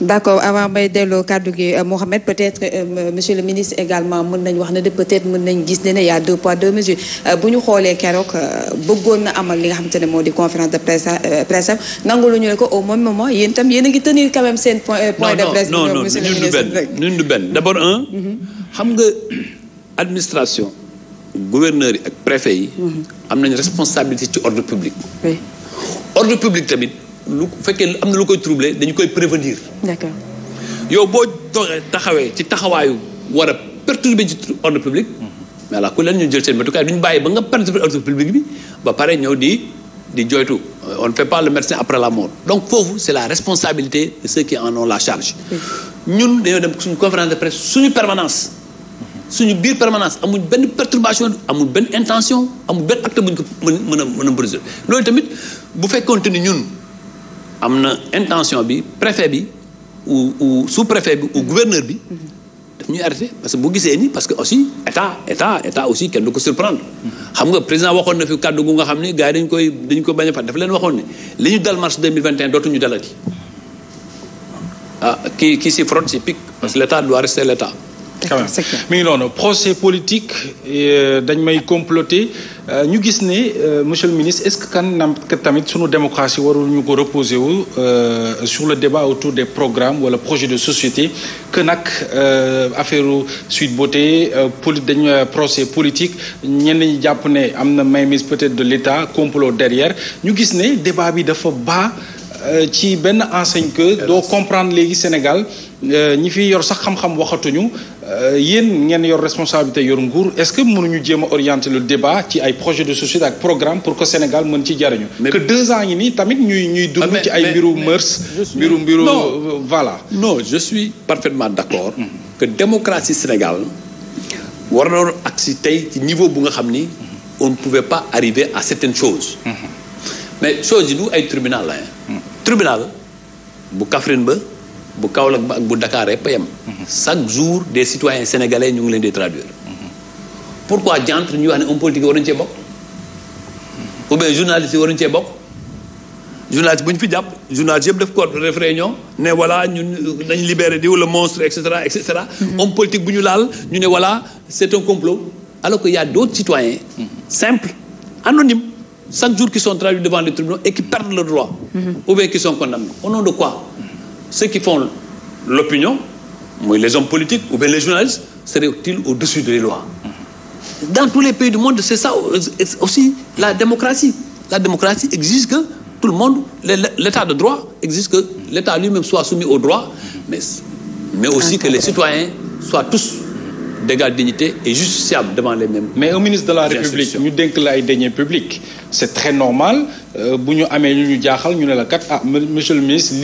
d'accord avant bay delloo kàddu gi euh, Mohamed peut-être euh, monsieur le ministre également mën nañ wax ne de peut-être mën nañ gis ne ne y a deux poids deux mesures euh, bu ñu xoolee keroog bëggoon na amal li nga xamante ne moo di conférence de presse presse am nangu lu ñu ne ko au yéen ngi tenir quand même seen point de presse non non mm-hmm. xam nga administration gouverneurs yi ak préfet yi mm-hmm. am nañu responsabilité ci ordre public ordre public tamit lu fekkee am na lu koy troubler dañu koy prévenir. d'accord yow boo taxawee ci taxawaayu war a perturber ci ordre public. Mhm. mais la ku leen ñu jël seen matukaay du ñu bàyyi ba nga perturber ordre public bi ba pare ñëw di di joytu euh, on ne fait pas le médecin après la mort donc foofu c'est la responsabilité de ceux qui en ont la charge. ñun dañoo dem suñu conférence de presse suñu permanence. Mhm. suñu biir permanence amul benn perturbation amul benn intention amul benn acte bu ñu ko mën a mën a mën a loolu tamit bu fekkoonte ni ñun. am na intention bi préfet bi ou sous préfet bi ou bi daf ñuy arrêté parce que bu gisee ni parce que aussi état état état aussi kenn du ko surprendre xam nga président waxoon na fi kàddu gu nga xam ne gars yi dañ koy dañ ko bañ a fat dafa leen waxoon ni li ñu dal mars 2021 dootuñu dalati ah qui qui s'y frotte s'y pique parce que l' état doit rester l' quand même mi ngi noonu procès politique euh, dañ may comploter euh, ñu gis ne euh, monsieur le ministre est-ce que kan nam tamit sunu démocratie warul ñu ko reposer wu sur le débat autour des programmes wala projets de société que nag affaire Sweet Beauté poli dañ procès politique ñenn ñi jàpp ne am na mainmise peut-être de l'État complot derrière ñu gis ne débat bi dafa baa ci benn enseigne que doo comprendre léegi Sénégal ñi fi yor sax xam-xam waxatuñu Euh, yéen ngeen yor responsabilité yor nguur est-ce que mënuñu jéem a orienter le ci ay projet de société ak programme pour que Sénégal mën ci jariñu que deux ans yi nii tamit ñuy ñuy dund ci ay mbiru mœurs mbiru mbiru euh, voilà non je suis parfaitement d'accord mm-hmm. que démocratie Sénégal war na ak si tey ci niveau bu nga xam ni mm-hmm. on ne pouvait pas arriver à certaines choses mm-hmm. mais choses yi du ay tribunal tribunal bu Kaffrine ba bu Kaolack ba ak bu Dakar yëpp yem. chaque jour des citoyens sénégalais ñu ngi leen di traduire. pourquoi jant ñu wax ne homme politique waruñu cee bokk. ou bien journaliste yi waruñu cee bokk. journaliste bu ñu fi jàpp journaliste yëpp def ko def réunion ne voilà ñun dañ libéré diw le monstre et cetera et cetera. homme bu ñu laal ñu ne voilà c' est un complot. alors que y' a d' autres citoyens. simples anonymes chaque jour qui sont traduits devant les tribunaux et qui perdent le droit. ceux qui font l'opinion mooy les hommes politiques ou bien les journalistes seraient-ils au-dessus des lois dans tous les pays du monde c'est ça euh, aussi la démocratie la démocratie que tout le monde l'état de droit exige que l'état lui-même soit soumis au droit mais mais aussi que les citoyens soient tous d'égale dignité et justiciables devant les mêmes mais un ministre de la République ñu dénk la ay deniers publics c'est très normal euh, bu ñu amee lu ñu jaaxal ñu ne la kat ah monsieur le ministre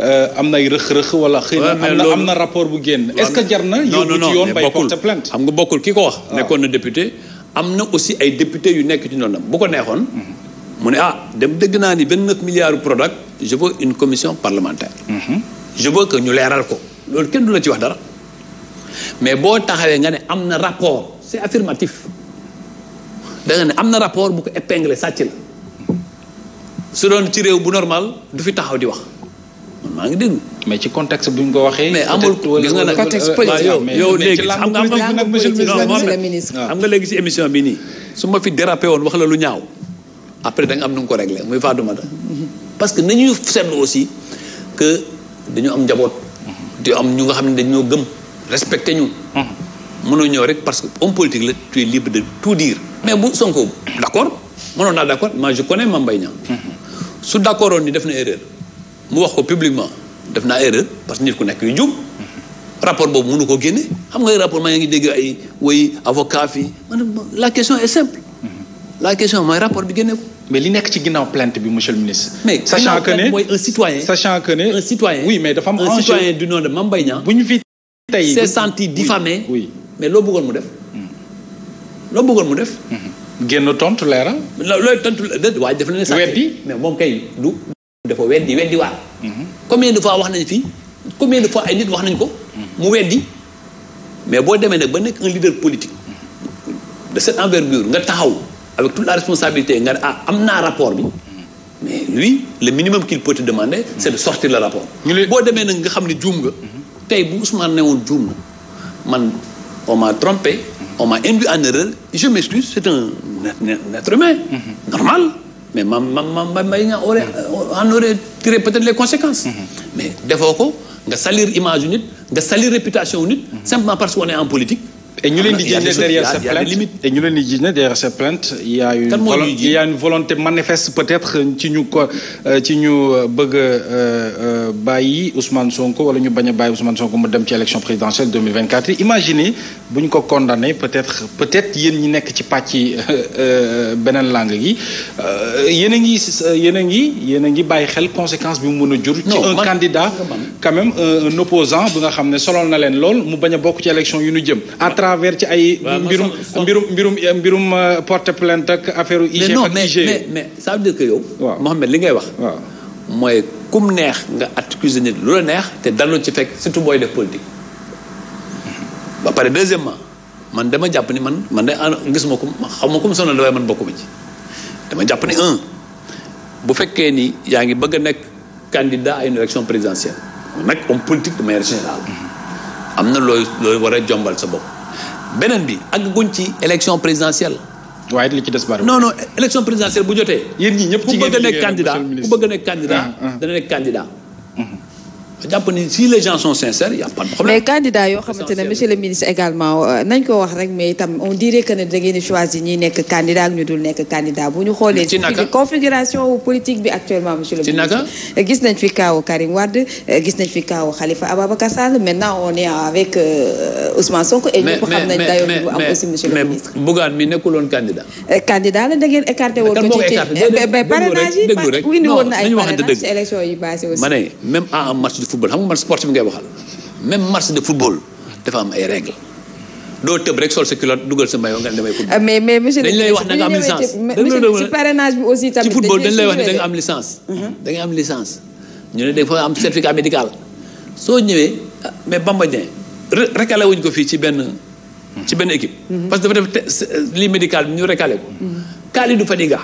Euh, am nay rëx-rëx wala xëy na am am na rapport bu génn est-ce que jar na yóbbu ci yoon bay porte plainte xam nga bokkul ki ko wax ah. nekkoon na député am na aussi ay député yu nekk ci noonu bu ko neexoon mm-hmm. mu ne ah dem dëgg naa ni benn neuf milliards product je une commission parlementaire mm-hmm. je veux que ñu leeral ko loolu kenn du la ci wax dara mais boo taxawee nga ne am na rapport c'est affirmatif da ne am na rapport bu ko épinglé sàcc la su doon ci réew bu normal du fi taxaw di wax man maa ngi déglu. mais ci contexte bu ñu ko waxee. mais amul gis nga nag contexte euh, politique yow yow léegi am ah. su ma fi dérapé woon wax la lu ñaaw après da nga am nu nga ko réglé muy Fatou Mada parce que nañu seetlu aussi que dañu am njaboot. Mhm. di am ñu nga xam ne dañoo gëm respecté ñu. Mhm. mënoo ñëw rek parce que homme politique la tu es libre de tout dire. mais bu Sonko d' accord mënoon naa d' accord mais je connais Mame Mbaye Niang mhm. su d' accord ni def na erreur. mu wax ko publiquement def naa erreur parce que nit ku nekk yu jub rapport boobu mënu ko génne xam nga rapport maa ngi dégg ay woy avocat fii la question est simple mhm. la question mooy rapport bi génne ko. mais li nekk ci ginnaaw plainte bi monsieur le ministre. mais sachant que ne mooy un citoyen. sachant que ne un citoyen. oui mais dafa am un citoyen du nom de Mame bu ñu fi tey s'est senti diffamé. mais loo bëggoon mu def. Mhm. loo bëggoon mu def. Mhm. génn tontu leeral. looy tontu déet waaye def na ne. mais moom dafa weddi weddi waat. Mhm. combien de fois wax nañ fii combien de fois ay nit wax nañ ko. mu weddi mais boo demee nag ba nekk un leader politique. de cette envergure nga taxaw avec tout la responsabilité nga ne ah am na rapport bi. mais lui le minimum qu'il peut te demander. c'est de sortir le rapport. boo demee nag nga xam ne juum nga. Mhm. tey bu Ousmane ne woon juum na man on m'a trompé. Mhm. on m'a induit en erreur je m'excuse c'est un être normal. mais ma ma ma mbay nga aurait en aurait tiré peut-être les conséquences. Mm-hmm. mais defoo ko nga salir image yu nga salir réputation yu nit. Mm-hmm. simplement parce qu'on est en politique. et ñu leen di gis derrière cette plainte et ñu leen di gis ne derrière cette plainte il y a une volonté il manifeste peut-être ci ñu ko euh, ci ñu euh, bëgg a euh, bàyyi Ousmane Sonko wala ñu bañ a bàyyi Ousmane Sonko mu dem ci élection présidentielle 2024 imaginez bu ñu ko condamné peut-être peut-être yéen ñi nekk ci pàcc beneen langue gi yéen a ngi yéen a ngi yéen a ngi bàyyi xel conséquence bi mu mën a jur. ci un candidat quand même un opposant bi nga xam ne solol na leen lool mu bañ a bokk ci élection yu ñu jëm. travers ci ay. mbirum mbirum eh, mbirum mbirum eh, porte plainte ak affaire IG ak IG e. mais mais ça veut dire que yow. waaw li ngay wax. mooy kum neex nga accuser nit lu la neex te dalul ci fekk surtout booy def politique. ba pare deuxièmement man dama jàpp ni man man de ah, gisuma ko xam ma ko mu sonal dafay man bokkuma ci dama jàpp ni un bu fekkee ni yaa ngi bëgg a nekk candidat à une élection présidentielle nag homme politique de manière générale am na looy looy war a jombal sa bopp beneen bi ak guñ ci élection présidentielle. waaye li ci des bari non non élection présidentielle bu jotee. yéen ñi ñëpp ci ngeen ku bëgg a nekk ku bëgg a nekk candidat ah, ah. dana nekk ma jàpp ni si les gens sont sincères a pas de problème. mais candidat yoo xamante ne monsieur le ministre également euh, nañ ko wax rek mais itam on dirait que ne da ngeen ñi nekk candidat ñu dul nekk candidat bu ñu xoolee. ci naka configuration bi actuellement monsieur le ministre. gis nañ fi kaawu Karim Wade euh, gis nañ fi kaawu Khalifa Ababacar Sall maintenant on est avec euh, Ousmane Sonko. et ñëpp xam nañ dayoo bu am aussi monsieur le ministre. mais mi nekkul candidat. candidat la da ngeen woon. ko ci parrainage football xam nga man sportif ngay waxal même match de football dafa am ay règles doo tëb rek sol sa culotte dugal sa maillot nga damay football. mais wax da nga am licence. ci mm-hmm. da nga am licence. ñu ne dafa am certificat médical soo ñëwee mais Bamba Dieng recalé ko fii ci benn. ci benn équipe. Mm-hmm. parce dafa def lii médical ñu recalé ko. Mm-hmm. Kalidou Fadiga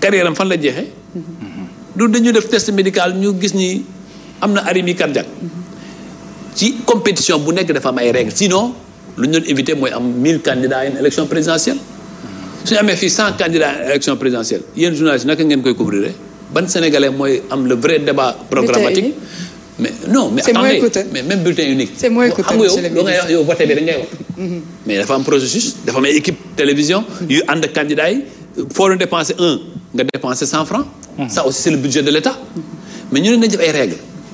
carrière fan la jeexee. du dañu def test médical ñu gis ni. am na arythmie cardiaque ci compétition bu nekk dafa am ay si sinon lu ñu doon éviter mooy am 1000 candidats à une élection présidentielle su ñu amee fii 100 candidats à une élection présidentielle yéen journaliste naka ngeen koy couvrir ban sénégalais mooy am le vrai débat programmatique mais non mais attendez mais même bulletin unique xam nga yow loo ngay wax yow voté bi da wax mhm. mais dafa am processus dafa am équipe télévision mhm. yu ànd ak candidats yi foo doon dépenser un nga dépense cent francs mhm. ça aussi c'est le budget de l'État mais ñu ne nañ ay règles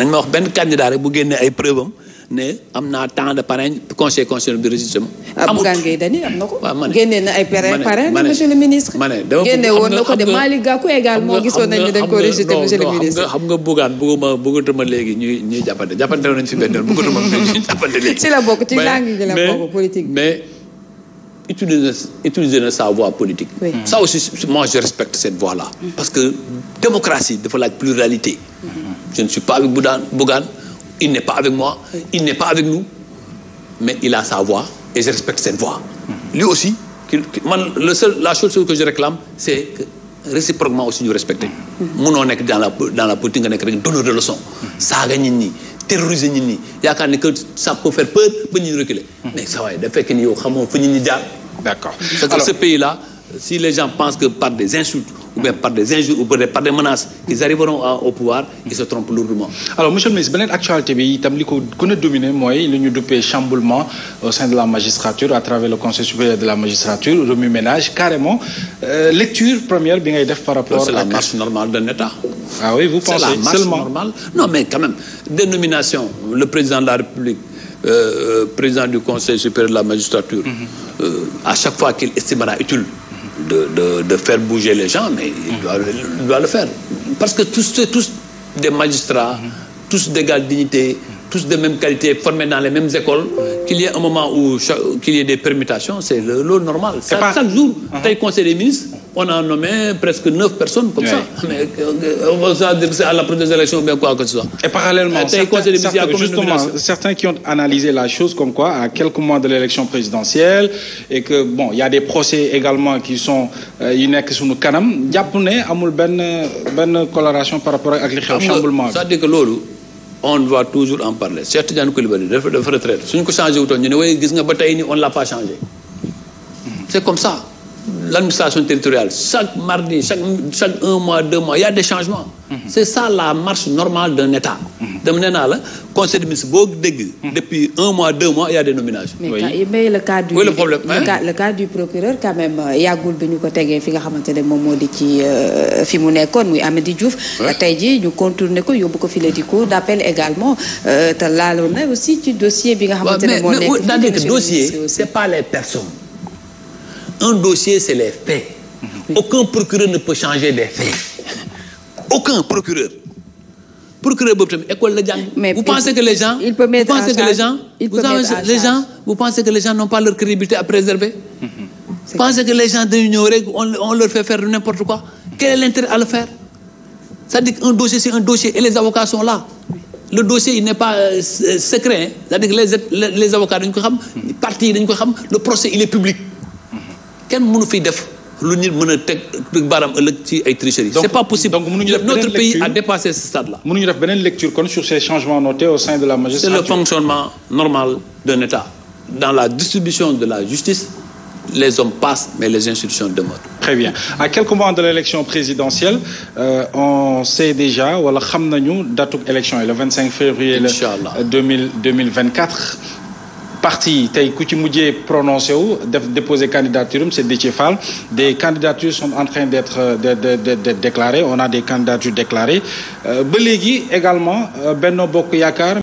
nañ ma wax benn candidat rek bu génnee ay preuve am ne am naa temps de parrain conseil constitutionnel bi rejeté ah, am na génne na ay parrain monsieur le ministre. ma dama génne na ko de Malick Gakou également gisoon nañ dañ ko rejeté monsieur le ministre. xam nga Bougane bëgguma bëggatuma léegi ñuy ñuy jàppante jàppante bokk politique mais. utiliser utiliser na sa voie politique. Oui. aussi moi je respecte cette voie là. parce que démocratie dafa pluralité. je ne suis pas avec Boudane il n'est pas pas avec nous mais il a sa voix et je respecte cette voix. lui aussi man le seul la seule chose que je réclame c'est réciproquement aussi ñu respecté. munoo nekk dans la dans la politique nga nekk rek donneur de leçon. saaga nit ñi terroriser nit ñi yaakaar ne que ça peut faire peur ba ñu reculer. mais saa waay da fekk ni yow D'accord. Parce que si les gens pensent que par des insultes, ou bien par injures, ou par des menaces, ils arriveront au pouvoir, ils se trompent lourdement. monsieur le ministre, beneen actualité bi itam li ko mooy li ñu duppee chamboulement au de la magistrature à travers le conseil supérieur de la magistrature remue-ménage carrément euh, lecture première bi ngay def par rapport. c'est la marche ah normale non mais quand même dénomination le président de la République euh, euh président du conseil supérieur de la magistrature. mm euh, à chaque fois qu'il estimera utile de, de, de, faire bouger les gens, mais il doit, il doit le faire. Parce que tous, tous des magistrats, tous d'égale dignité, tous de même qualité, formés dans les mêmes écoles, qu'il y ait un moment où qu'il y ait des permutations, c'est le lot normal. Ça, pas... Chaque jour, uh mhm. -huh. conseil des ministres, on a nommé presque neuf personnes comme oui. ça mais on va ça c'est à l'approche des élections bien quoi que ce soit. et parallèlement certains, qui ont analysé la chose comme quoi à quelques mois de l'élection présidentielle et que bon il y a des procès également qui sont euh, yu nekk suñu kanam jàpp ne amul benn benn coloration par rapport ak li xew chamboulement bi. c'est-à-dire que loolu on doit toujours en parler Cheikh Tidiane Coulibaly dafa dafa retraite suñ ko changé nga l'administration territoriale, chaque mardi, chaque, chaque, un mois, deux mois, il y a des changements. Mm -hmm. C'est ça la marche normale d'un État. Mhm. dem nee naa la conseil des ministres boo dégg. Mhm. depuis un mois deux mois il y a des nominations. mais oui. Eh, mais du procureur quand euh, yàggul bi ñu ko tegee fi nga xamante ne moom moo di ci euh, fi mu nekkoon muy Amady Diouf. tey jii ñu contourné ko yóbbu ko file di cour d'appel également euh, te laaloon na aussi ci dossier bi nga. xamante ne moo nekk les personnes. Un dossier, c'est les faits. Mhm. Aucun procureur ne peut changer des faits. Aucun procureur. procureur boobu école la jàng. mais vous pensez que les gens. il peut vous pensez que les gens n'ont pas leur crédibilité à préserver. vous pensez que les gens dañu ñëw rek on on leur fait faire n'importe quoi. quel est l'intérêt à le faire c'est-à-dire un dossier c'est un dossier et les avocats sont là. le dossier il n'est pas euh, euh, secret c'est-à-dire les les avocats dañu ko xam. Hmm. parties yi ko xam le procès il est kenn mënu fi def lu nit mën a teg baaraam ëllëg ci ay tricheries. c'est pas possible def notre pays a dépassé ce stade là. mënuñu def beneen lecture kon sur ces changements notés au sein de la magistrature. c'est le fonctionnement normal d'un État de la justice. les hommes passent, mais À quelques mois de l'élection présidentielle, euh, on sait déjà, voilà, xam nañu date élection est le 25 février le parti tey ku ci mujjee prononcé wu def déposer candidature am c'est Déthié Fall des candidatures sont en train d'être euh, de de de, de déclarées on a des candidatures déclarées euh, ba léegi également euh, Benno Bokk Yaakaar